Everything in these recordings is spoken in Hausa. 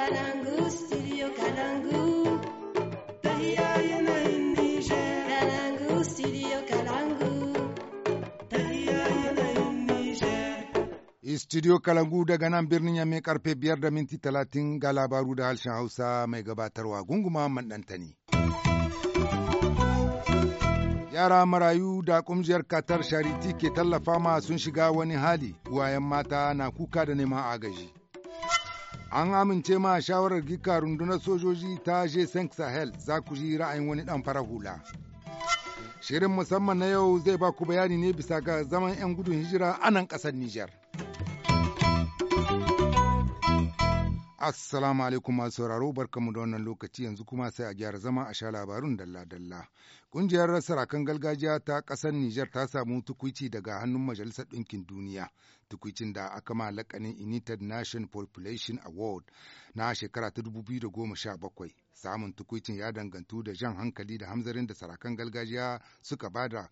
Kalangu, studio Kalangu. daga nan birnin Yamme karfe biyar da minti talatin ga labaru da harshen Hausa mai gabatarwa gunguma mandanta ne. yara marayu da ƙungiyar katar shariti ke tallafa ma sun shiga wani hali wayan mata na kuka da neman agaji An amince ma shawarar gika rundunar sojoji ta G5 Sahel za ku ji ra'ayin wani ɗan fara hula. Shirin musamman na yau zai ba ku bayani ne bisa ga zaman 'yan gudun hijira a nan ƙasar Nijar. Assalamu alaikum masu sauraro barkamu da wannan lokaci yanzu kuma sai a gyara zama a sha labarun dalla-dalla. Kungiyar sarakan gargajiya ta ƙasar Nijar ta samu tukuici daga hannun Majalisar Ɗinkin Duniya, tukuicin da aka ma lakanin United Nation Population Award na shekara ta 2017. Samun tukuicin ya dangantu da jan hankali da hamzarin da sarakan gargajiya suka bada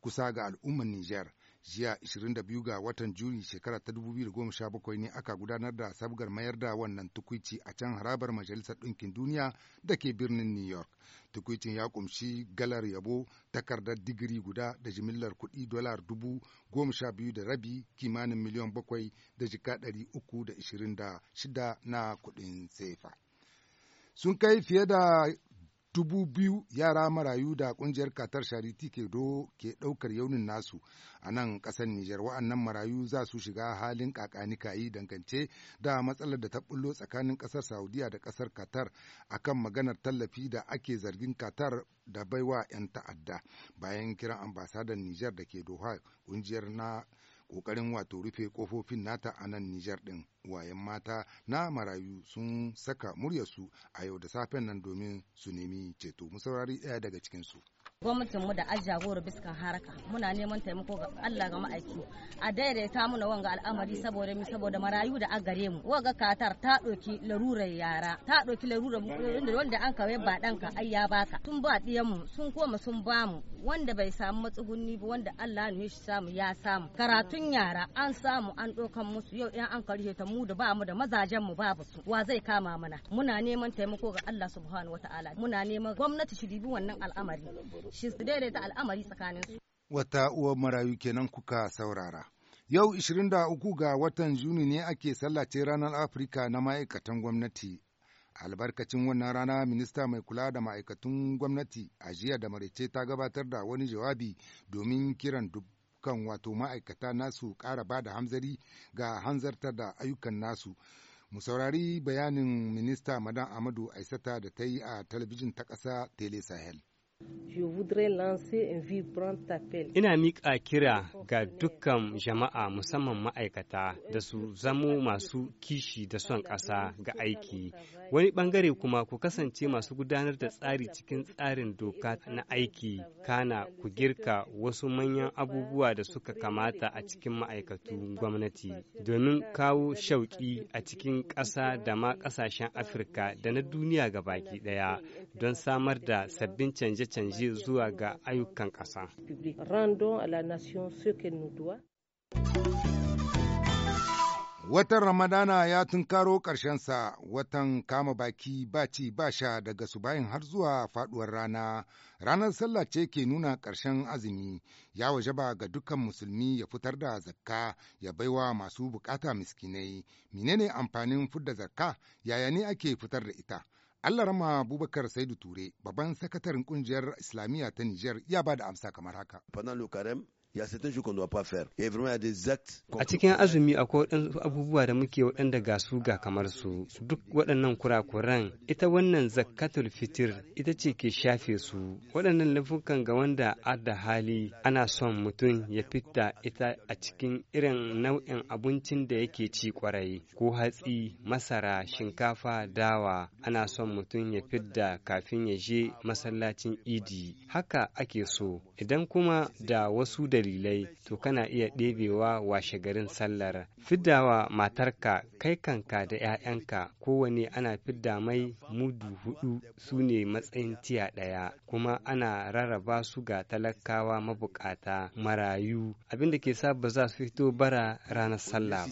kusa ga al'ummar Nijar. jiya 22 ga watan juni shekara ta 2017 ne aka gudanar da sabgar mayar da wannan tukwici a can harabar majalisar ɗinkin duniya da ke birnin new york tukwicin ya kumshi galar yabo takardar digiri guda da jimillar kuɗi dolar dubu goma sha biyu da rabi kimanin miliyan bakwai da jika ɗari uku da ishirin da shida na kuɗin sefa sun kai fiye da dubu biyu yara marayu da kungiyar katar shariti ke do ke ɗaukar yaunin nasu a nan ƙasar Nijar wa'annan marayu za su shiga halin kakanikayi dangance da matsalar da ta bullo tsakanin ƙasar Saudiya da ƙasar Katar akan maganar tallafi da ake zargin Katar da baiwa 'yan ta'adda bayan kiran ambasadan Nijar da ke Doha kungiyar na ƙoƙarin wato rufe kofofin nata a nan Nijar ɗin. Wayan mata na marayu sun saka muryarsu a yau da safen nan domin su nemi ceto. Mu saurari ɗaya daga cikinsu. gwamnatin mu da ajagoro biskan haraka muna neman taimako ga Allah ga ma'aiki a daidaita muna wanga al'amari saboda mu saboda marayu da a gare mu waga katar ta ɗauki larurar yara ta ɗauki larurar wanda an kawai ba ka ai ya baka tun ba diyan mu sun koma sun ba mu wanda bai samu matsugunni ba wanda Allah ne shi samu ya samu karatun yara an samu an ɗaukan musu yau in an karhe ta mu da ba mu da mazajen mu babu su wa zai kama mana muna neman taimako ga Allah subhanahu wataala muna neman gwamnati shi dibi wannan al'amari shi su daidaita al'amari tsakanin su. Wata uwar marayu kenan kuka saurara. Yau 23 ga watan Juni ne ake sallace ranar Afirka na ma'aikatan gwamnati. Albarkacin wannan rana minista mai kula da ma'aikatun gwamnati a jiya da maraice ta gabatar da wani jawabi domin kiran dukkan wato ma'aikata nasu ƙara ba da hamzari ga hanzarta da ayyukan nasu. mu saurari bayanin minista madan amadu aisata da ta yi a talabijin ta ƙasa tele sahel Ina miƙa kira ga dukkan jama'a musamman ma'aikata da su zamo masu kishi da son ƙasa ga aiki. Wani ɓangare kuma ku kasance masu gudanar da tsari cikin tsarin doka na aiki, kana ku girka wasu manyan abubuwa da suka kamata a cikin ma'aikatu gwamnati domin kawo shauƙi a cikin ƙasa da ma ƙasashen Afirka da na duniya ga baki ɗaya don samar da sabbin canje canje zuwa ga ayyukan ƙasa. Watan Ramadana ya tunkaro ƙarshensa watan kama baki ba ci ba sha daga subayin har zuwa faɗuwar rana. Ranar sallah ce ke nuna ƙarshen azumi, ya wajaba ga dukkan musulmi ya fitar da zakka ya baiwa masu bukata miskinai. Menene amfanin fidda zakka yaya ne ake fitar da ita? Allah rama Abubakar Saidu Ture, babban sakataren kungiyar Islamiyya ta Nijar, ya ba da amsa kamar haka. Fanan Karem, A cikin azumi akwai waɗansu abubuwa da muke waɗanda ga su ga kamar su duk waɗannan kurakuran ita wannan zakatul fitir ita ce ke shafe su waɗannan laifukan ga wanda adda hali ana son mutum ya fita ita a cikin irin nau'in abincin da yake ci kwarai ko hatsi masara shinkafa dawa ana son mutum ya fidda kafin ya je masallacin idi haka ake so idan kuma da wasu dalilai dalilai to kana iya ɗebewa washe garin sallar fiddawa matarka kai kanka da 'ya'yanka kowane ana fidda mai mudu hudu su ne matsayin tiya ɗaya kuma ana rarraba su ga talakawa mabukata marayu abinda ke sa ba za su fito bara ranar sallah ba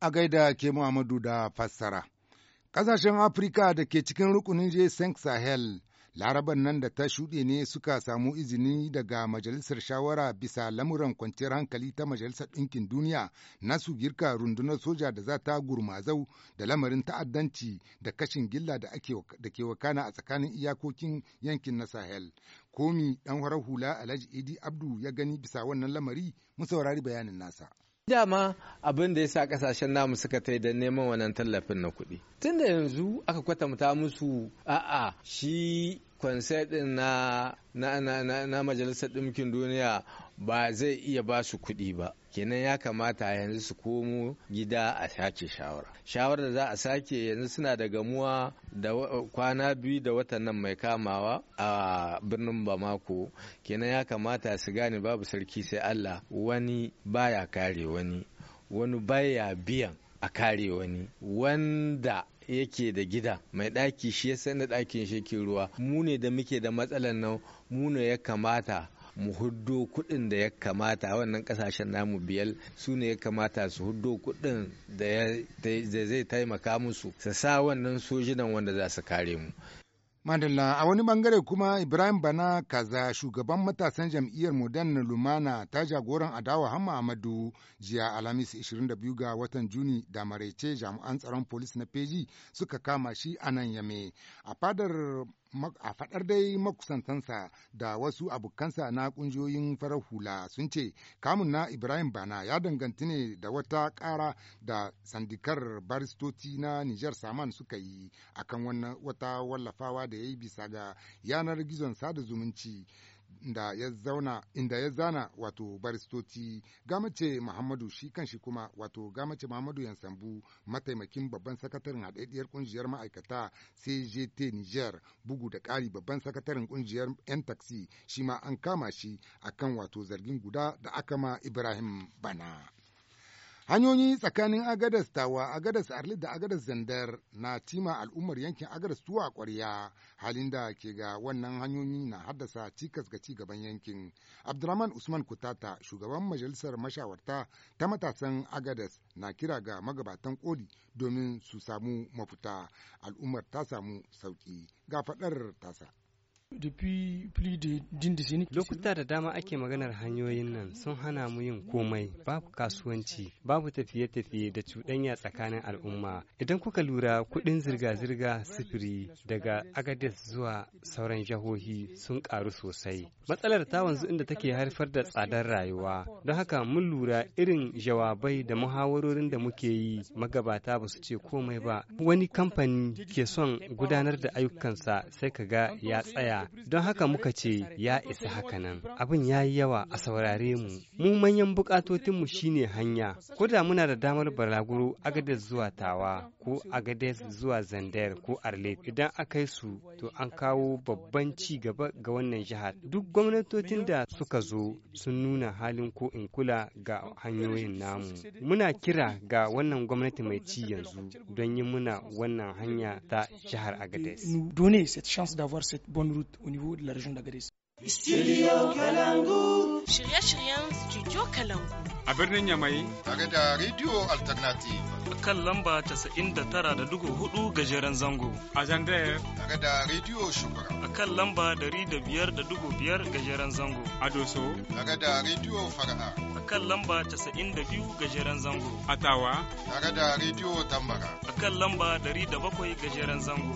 a gaida ke Muhammadu da fassara. Ƙasashen Afirka da ke cikin rukunin j saint Sahel, laraban nan da ta shuɗe ne suka samu izini daga Majalisar Shawara bisa lamuran kwanciyar hankali ta Majalisar Ɗinkin Duniya na su girka rundunar soja da za ta gurmazau da lamarin ta'addanci da kashin gilla da ke wakana a tsakanin iyakokin yankin na Sahel. Komi ɗan hula Alhaji Idi Abdu ya gani bisa wannan lamari, mu saurari bayanin nasa. dama abin da ya sa kasashen namu suka ta da neman wannan tallafin na kuɗi tun da yanzu aka kwatanta musu a'a shi konsert din na majalisar ɗinkin duniya ba zai iya ba su kuɗi ba kenan ya kamata yanzu su komo gida a sake shawara shawarar da za a sake yanzu suna da gamuwa da kwana biyu da watan nan mai kamawa a birnin bamako kenan ya kamata su gane babu sarki sai allah wani baya kare wani wani baya biyan a kare wani wanda yake da gida mai ɗaki shi ya san dakin ɗakin shi ke ruwa mu ne da muke da matsalan nan mu ne ya kamata mu huddo kuɗin da ya kamata wannan kasashen namu biyar su ne ya kamata su huddo kuɗin da zai taimaka musu su sa wannan sojinan wanda za su kare mu Madalla a wani bangare kuma Ibrahim Bana Kaza shugaban matasan jam'iyyar Modern Lumana ta jagoran adawa Hamma amadu jiya Alhamis 22 ga watan Juni da maraice jami'an tsaron polis na Peji suka kama shi a nan yame. A fadar a faɗar dai makusantansa da wasu abokansa na ƙungiyoyin farar hula sun ce kamun na Ibrahim Bana ya danganti ne da wata ƙara da sandikar baristoci na niger Saman suka yi akan wannan wata wallafawa da ya yi bisa ga yanar gizon sada zumunci da ya zauna inda ya zana wato baristoci gamace Muhammadu shi kanshi kuma wato gamace Muhammadu Yansambu mataimakin babban sakataren haɗaɗɗiyar kungiyar ma'aikata CGT Niger bugu da ƙari babban sakataren kungiyar 'yan taxi shi ma an kama shi akan wato zargin guda da aka ma Ibrahim Bana. Hanyoyi tsakanin Agadas Tawa, Agadas arli da Agadas Zandar na cima al'ummar yankin Agadas tuwa kwarya halin da ke ga wannan hanyoyi na haddasa cikas ga cigaban yankin. abdulrahman Usman Kutata, shugaban majalisar mashawarta ta matasan Agadas na kira ga magabatan koli domin su samu mafuta. Al'ummar ta samu sauki ga faɗar tasa. Lokuta da dama ake maganar hanyoyin nan sun hana mu yin komai, babu kasuwanci, babu tafiye-tafiye da cuɗanya tsakanin al'umma. Idan kuka lura kuɗin zirga-zirga sifiri daga Agadis zuwa sauran jahohi sun ƙaru sosai. Matsalar ta wanzu inda take haifar da tsadar rayuwa. Don haka mun lura irin jawabai da muhawarorin da muke yi magabata ba su ce komai ba. Wani kamfani ke son gudanar da ayyukansa sai ka ga ya tsaya don haka muka ce ya isa haka nan abin ya yi yawa a saurare mu mu manyan bukatotinmu shine hanya ko da muna da damar balaguro agadez zuwa tawa ko agadez zuwa zandar ko arlet idan aka yi su to an kawo babban ci gaba ga wannan jihar duk gwamnatocin da suka zo sun nuna halin ko in kula ga hanyoyin namu muna kira ga wannan gwamnati mai ci yanzu don yi muna wannan hanya ta jihar agadez Nous donner cette chance d'avoir cette bonne route. au niveau de la région de d'Agadez. Studio Kalangu. Shirye-shiryen Studio Kalangu. A birnin Yamai. Tare da Radio Alternative. A kan lamba 99.4 gajeren zango. A Zandaya. Tare da Radio Shugura. A kan lamba 105.5 gajeren zango. A Doso. Tare da Radio Fara'a. A kan lamba 92 gajeren zango. A Tawa. Tare da Radio Tambara. A kan lamba 107 gajeren zango.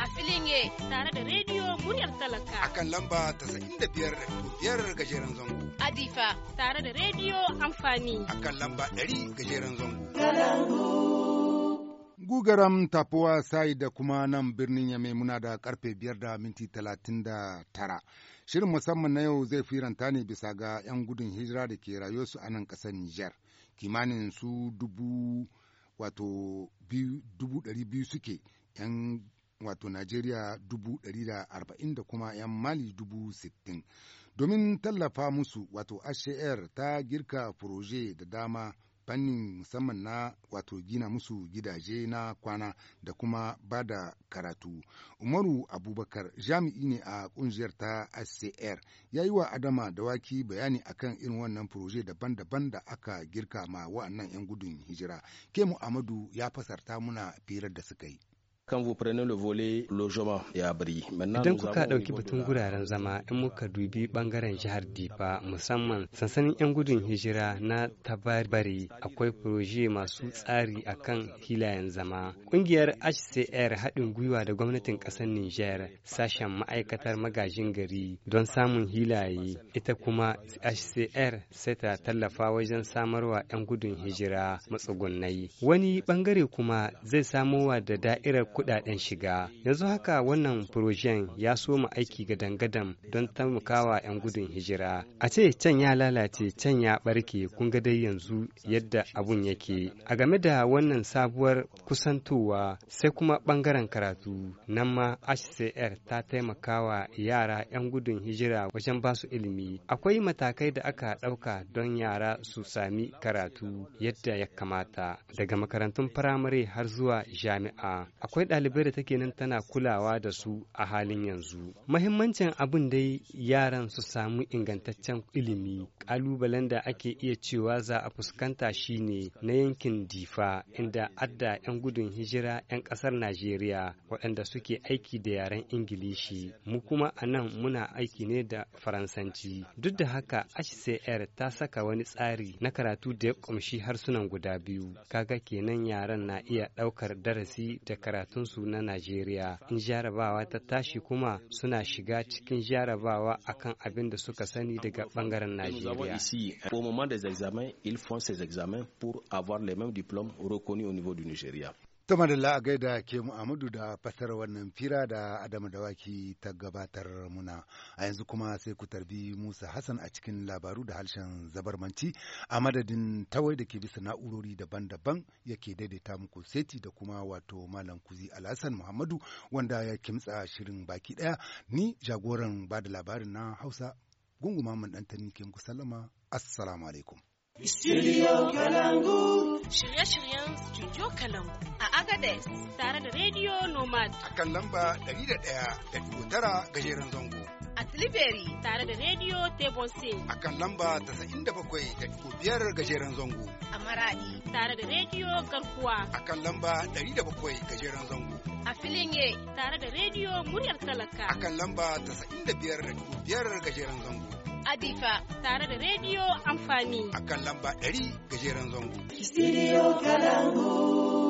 a filin ye tare da rediyo muryar talaka a kan lamba ta da biyar biyar gajeren zango adifa tare da rediyo amfani a kan lamba ɗari gajeren zango gugaram tafuwa sai da kuma nan birnin mai muna da karfe biyar da minti talatin da tara shirin musamman na yau zai firanta ne bisa ga 'yan gudun hijira da ke su a nan kasar nijar kimanin su dubu wato dubu biyu suke 'yan wato Najeriya dubu ɗari da arba'in da kuma 'yan Mali dubu sittin. Domin tallafa musu wato HCR ta girka furoje da dama fannin musamman na wato gina musu gidaje na kwana da kuma ba da karatu. Umaru Abubakar jami'i ne a kungiyar ta SCR ya yi wa Adama Dawaki bayani akan irin wannan furoje daban-daban da aka girka ma wa'annan 'yan gudun hijira. kemu amadu ya fasarta muna firar da suka yi. Idan kuka ɗauki batun guraren zama in muka dubi ɓangaren jihar Difa musamman sansanin 'yan gudun hijira na tabari akwai furoje masu tsari akan hilayen zama. Ƙungiyar HCR haɗin gwiwa da gwamnatin ƙasar niger sashen ma'aikatar magajin gari don samun hilaye ita kuma HCR sai ta tallafa wajen samarwa 'yan gudun hijira matsugunnai Wani bangare kuma zai samowa da da'irar kudaden shiga yanzu haka wannan projen ya soma aiki ga dangadan don taimakawa 'yan gudun hijira a ce can ya lalace can ya barke kun ga dai yanzu yadda abun yake a game da wannan sabuwar kusantowa sai kuma bangaren karatu nan ma hcr ta taimakawa yara 'yan gudun hijira wajen basu ilimi akwai matakai da aka ɗauka don yara su sami karatu yadda ya kamata daga makarantun firamare har zuwa jami'a akwai ɗalibai da take nan tana kulawa da su a halin yanzu mahimmancin abin dai yaran su samu ingantaccen ilimi ƙalubalen da ake iya cewa za a fuskanta shi ne na yankin difa inda adda 'yan gudun hijira 'yan ƙasar najeriya waɗanda suke aiki da yaren ingilishi mu kuma a nan muna aiki ne da faransanci duk da haka hcr ta saka wani tsari na karatu da ya ƙumshi harsunan guda biyu kaga kenan yaran na iya ɗaukar darasi da karatu karatunsu na Najeriya. In jarabawa ta tashi kuma suna shiga cikin jarabawa akan abin da suka sani daga bangaren Najeriya. Nigeria. Sama da a gaida ke Muhammadu da fasar wannan fira da Adamu Dawaki ta gabatar muna a yanzu kuma sai ku tarbi Musa Hassan a cikin labaru da harshen zabarmanci a madadin tawai da ke bisa na'urori daban-daban yake daidaita muku seti da kuma wato Malam Kuzi Alhassan Muhammadu wanda ya kimtsa shirin baki ɗaya ni jagoran ba da labarin na Hausa gunguma mun tani ke muku sallama assalamu alaikum. Studio Kalangu. Shirye-shiryen Studio Kalangu. Agades tare da Radio Nomad. A kan lamba 101.9 gajeren zango. A Tilibiri tare da Radio tebonse. A kan lamba 97.5 gajeren zango. A Maradi tare da Radio Garkuwa. A kan lamba 107 gajeren zango. A Filinge tare da Radio Muryar Talaka. A kan lamba 95.5 gajeren zango. Adifa tare da rediyo amfani. A kan lamba 100 gajeren zango. Studio Kalangu.